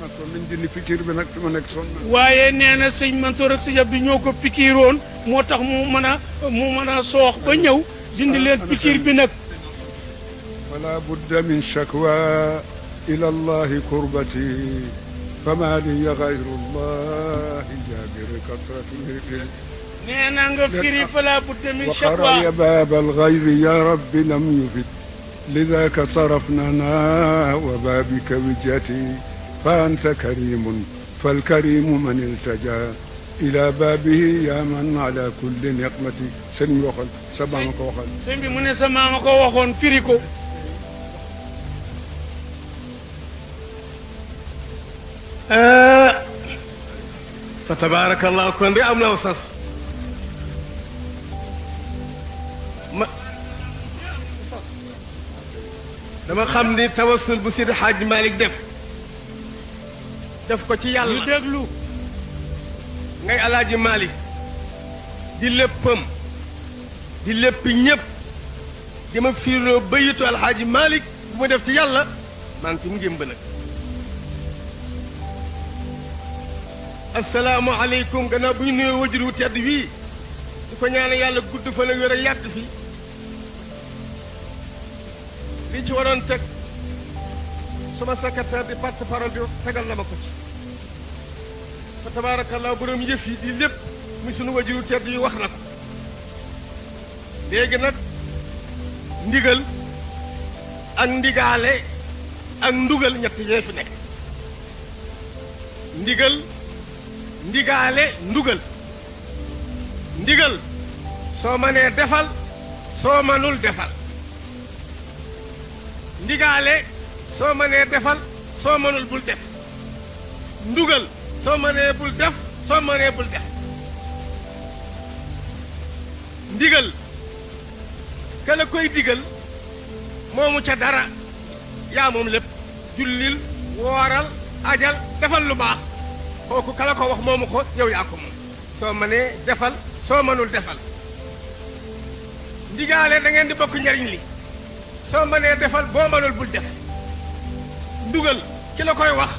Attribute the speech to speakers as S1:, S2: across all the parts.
S1: وين ولا بد من شكوى إلى الله كربتي فما لي غير الله جابر
S2: كثرة الهجر وقرى يا
S1: باب الغيظ يا رب لم يفد لذاك صرفنا نا وبابك وجتي فأنت كريم فالكريم من التجا إلى بابه يا من على كل نقمة سن وخل سبع وخل
S2: سن بمن سبع وخل فريكو آه. فتبارك الله كن ري أملا وصص لما xam توصل tawasul حاج مالك دفن def ko ci yàlla lu déglu ngay alaaji Malick di léppam di lépp ñépp di ma fiirloo bayitu alxaaji Malick bu mu def ci yàlla maa ngi ci mu jëmb nag asalaamu aleykum gannaaw bu ñu nuyoo wajur wu tedd wii di ko ñaane yàlla gudd fa nag wér a yàgg fi li ci waroon teg sama secrétaire di porte-parole bi tegal na ma ko ci fa tabaarakallaa borom yëf yi di lépp muy sunu wajuru tedd yi wax na ko léegi nag ndigal ak ndigaale ak ndugal ñett yee fi nekk ndigal ndigaale ndugal ndigal soo mënee defal soo mënul defal ndigaale soo mënee defal soo mënul bul def ndugal soo mënee bul def soo mënee bul def ndigal ka la koy digal moomu ca dara yaa moom lépp jullil wooral ajal defal lu baax kooku ka ko wax moomu ko yow yaa ko moom soo mënee defal soo mënul defal ndigaale da ngeen di bokk njariñ li soo mënee defal boo mënul bul def ndugal ki la koy wax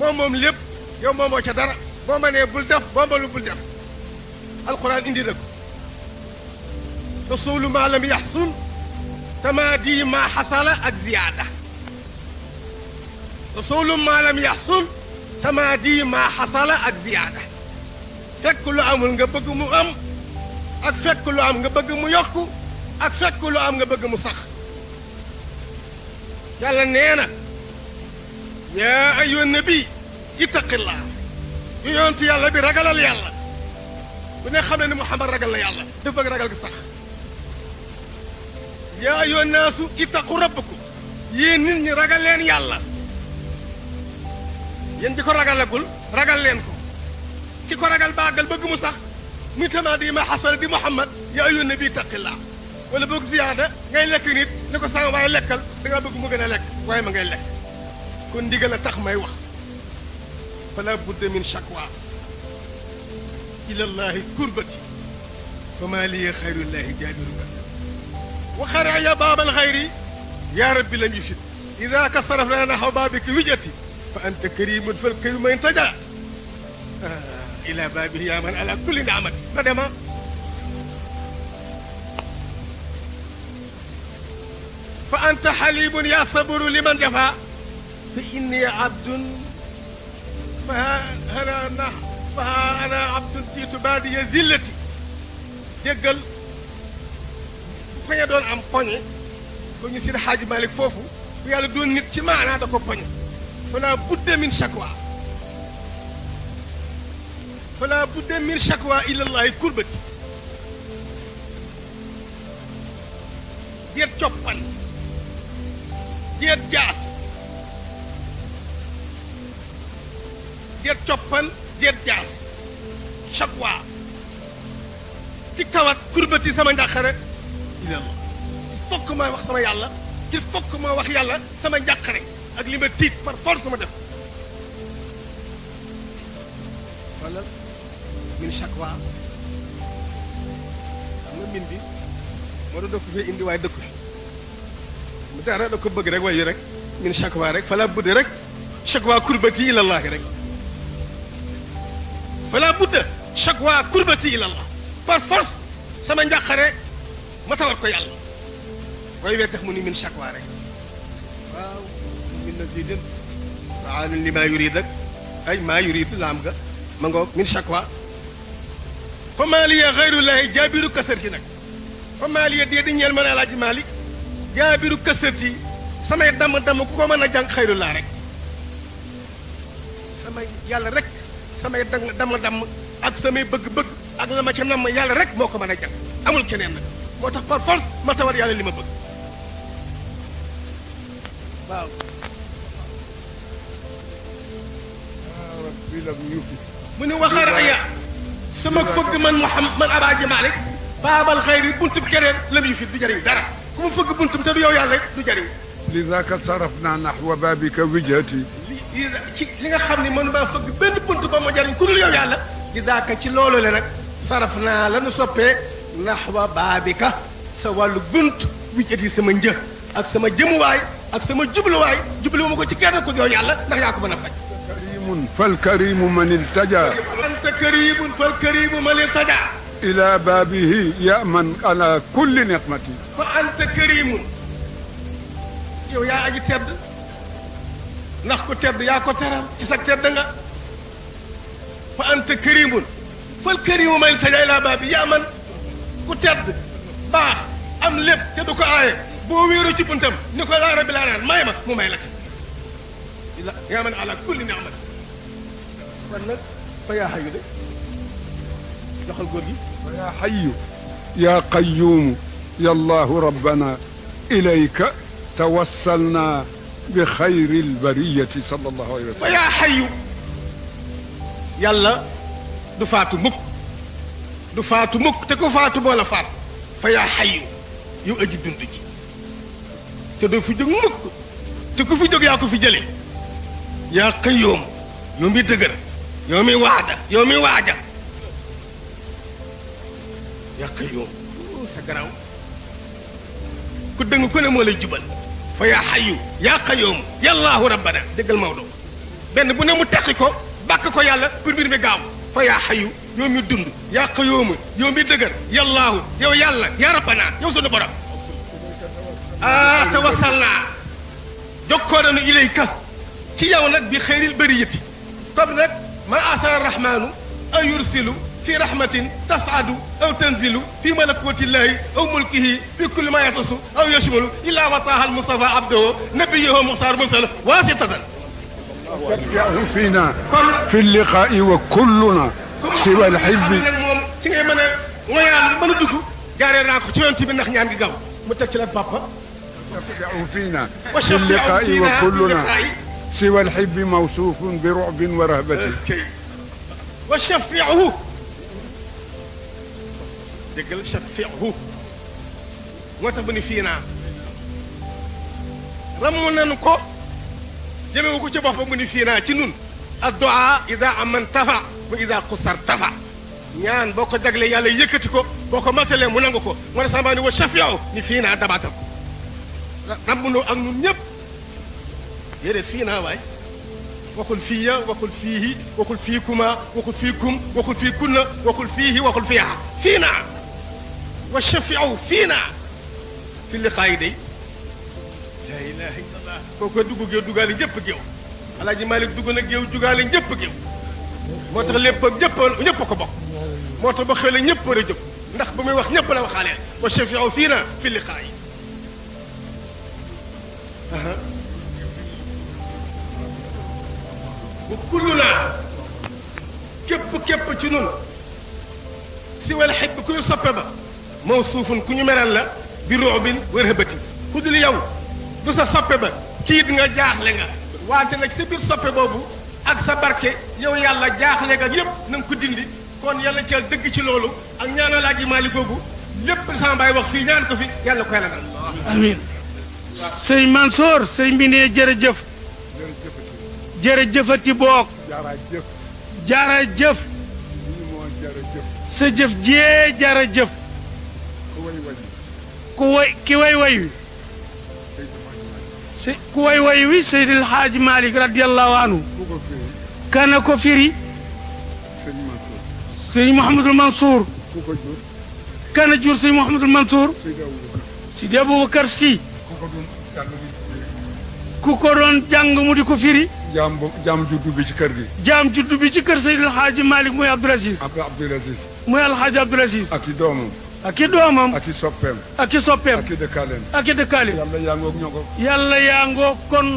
S2: moom moom lépp yow moomoo ca dara boo ma nee bul def boo ma lu bul def alquran indi na ko tasulu maa lam yaxsun tamaadi maa xasala ak ziyaada tasulu maa lam yaxsun tamaadi maa xasala ak ziyaada fekk lu amul nga bëgg mu am ak fekk lu am nga bëgg mu yokk ak fekk lu am nga bëgg mu sax yàlla nee na yaa ayuha nabi اتق الله يونت يالا بي رغالال يالا بو نه خامل محمد رغال يالا دي رغال صح يا ايو الناس اتقوا ربكم يين نين ني رغال لين يالا ين ديكو رغال لغول رغال لين كو كيكو رغال باغال بغ مو صح نيتنا دي ما حصل دي محمد يا ايو النبي اتق الله ولا بوك زياده غاي لك نيت نكو سان واي لكال داغا بغ مو غنا لك واي ما غاي لك كون ديغلا تخ ماي واخ فلا بد من شكوى إلى الله كربتي فما لي خير الله جابرك وخرع باب الخير يا ربي لم يفد إذا كصرفنا نحو بابك وجتي فأنت كريم فالكريم ينتجع آه إلى بابه يا من على كل نعمتي مدام فأنت حليب يا صبر لمن جفا فإني عبد faha ana ana abdun jiitu baadiya zillati déggal bu poñe doon am poñe ba ñu si xaaji Malick foofu bu yàlla doon nit ci maanaa da ko poñe fala budda min shakwa fala budda min shakwa coppan jeet jaas deel coppal deel jaas shakwa ci tawat kurbati sama njàqare ilallah maay wax sama yàlla il ma wax yàlla sama njàqare ak li ma tiit par force ma def wala min shakwa xam min bi moo doon dëkk fi indi waay dëkku fi mu dara da ko bëgg rek wayu rek min shakwa rek fala budde rek shakwa kurbati ilallahi rek fala budda shakwa kurbati ila allah par force sama njàqare ma tawal ko yàlla way wee tax mu ni min shakwa rek waaw min nazidin aanun li maa yurid ak ay maa yurid laam nga ma ngo min shakwa fa maaliya xayrullahi jaabiru kasarti nag fa maaliya dee di ñeel mën a laaj maali jaabiru kasarti samay damm-damm ku ko mën a jàng xayrullah rek samay yàlla rek samay dama damm ak samay bëgg-bëgg ak la ma ca namm yàlla rek moo ko mën a jag amul keneen moo tax par force ma tawar yàlla li ma bëgg waaw ah, mu ne waxaar aya sama fëgg man man Abaaji Malik baabal xayri buntub keneen lam yu fi du jëriñ dara ku mu fëgg buntum te du yow yàlla du jëriñ li zaaka saraf naa naxwa baabika di ci li nga xam ne mënu maa fëgg benn bunt ba mu jariñ ku dul yow yàlla di daaka ci loolu le nag saraf naa lanu soppee naxwa baabika sa wàllu bunt wi jëti sama një ak sama jëmuwaay ak sama jubluwaay jubluwuma ko ci kenn ku yow yàlla ndax yaa ko mën a faj
S1: karimun fal karimu man iltaja
S2: anta karimun fal karimu man iltaja
S1: ila baabihi yaman ala kulli niqmati
S2: fa anta karimun yow yaa aji tedd ndax ku tedd yaa ko teral ci sa tedd nga fa anta karimun fal karimu man taja ila baabi yaa man ku tedd baax am lépp te du ko aaye boo wéeru ci buntam ni ko laa rabbi laa may ma mu may la ci yaa man ala kulli niamat kon nag fa yaa xayu de doxal góor gi fa yaa
S1: xayu yaa qayuumu ya allahu rabbana ilayka tawassalnaa بخير البرية صلى الله عليه وسلم ويا
S2: حيو يلا دفات مك دفات مك تكو فات مولا فات فيا حي يو أجي دندج تدو في جنگ مك تكو في جنگ ياكو في جلي يا قيوم يومي دقر يومي وعدة يومي وعدة يا قيوم سكراو كدنگو كنا مولا جبل فيا حيو يا قيوم يا الله ربنا دق الموضوع بن بو نمو تخيكو باكو يالا بير بير مي فيا حي يوم يدند يا قيوم يوم يدغر يا الله يا يالا يا ربنا يا سن برام اه توصلنا جوكورن اليك تي ياو نك بي خير البريتي كوم نك ما اسر الرحمن ان يرسلوا في رحمة تصعد أو تنزل في ملكوة الله أو ملكه في كل ما يتص أو يشمل إلا وطاها المصطفى عبده نبيه مصار مصر واسطة
S1: ترجعه فينا في اللقاء وكلنا سوى الحب فينا في اللقاء وكلنا سوى الحب موصوف برعب ورهبة
S2: وشفعه دجل شفعه وتبني فينا رمونا نكو جمي وكو تي بوب فينا تي الدعاء اذا امنتها واذا قصرتها نيان بوكو دغلي يالا ييكتي بوكو ماتل مو نانغو سامباني وشفعه ني فينا دباتا رمونو نيب يري فينا واي وقل فيا وقل فيه وقل فيكما وقل فيكم وقل في وقل فيه وقل فيها فينا وشفعوا فينا في اللقاء دي لا اله الا الله كوكو دوغو جيو دوغالي جيب جيو الحاج مالك دوغو نك جيو دوغالي جيب جيو موتر ليب جيب نيب كو بوك موتر با خيل نيب ري جيب ناخ بامي واخ نيب لا واخالين وشفعوا فينا في اللقاء اها وكلنا كيب كيب تي نون سوى الحب كل صبابه moo suufun ku ñu meral la bi roobin wër hëbati ku dul yow du sa soppe ba kiit nga jaaxle nga wante nag sa biir soppe boobu ak sa barke yow yàlla jaaxle nga yépp na nga ko dindi kon yàlla ci dëgg ci loolu ak ñaanal aji maali googu lépp sama baay wax fii ñaan ko fi yàlla ko yàlla na amin sëñ Mansour sëñ bi ne jërëjëf jërëjëfati boog jëf sa jëf jee jara jëf ku way ki way way wi si ku way way mu di ko firi jaam juddu bi ci kër gi jaam juddu bi ci kër Seydil Haaji Malick mooy Abdoul Aziz mooy Alhaaji ak i doomam ak i soppeem ak i soppeem
S1: ak i dëkkaaleem ak i dëkkaaleem yàlla yaa ngoog ñoo ko yàlla yaa ngoog kon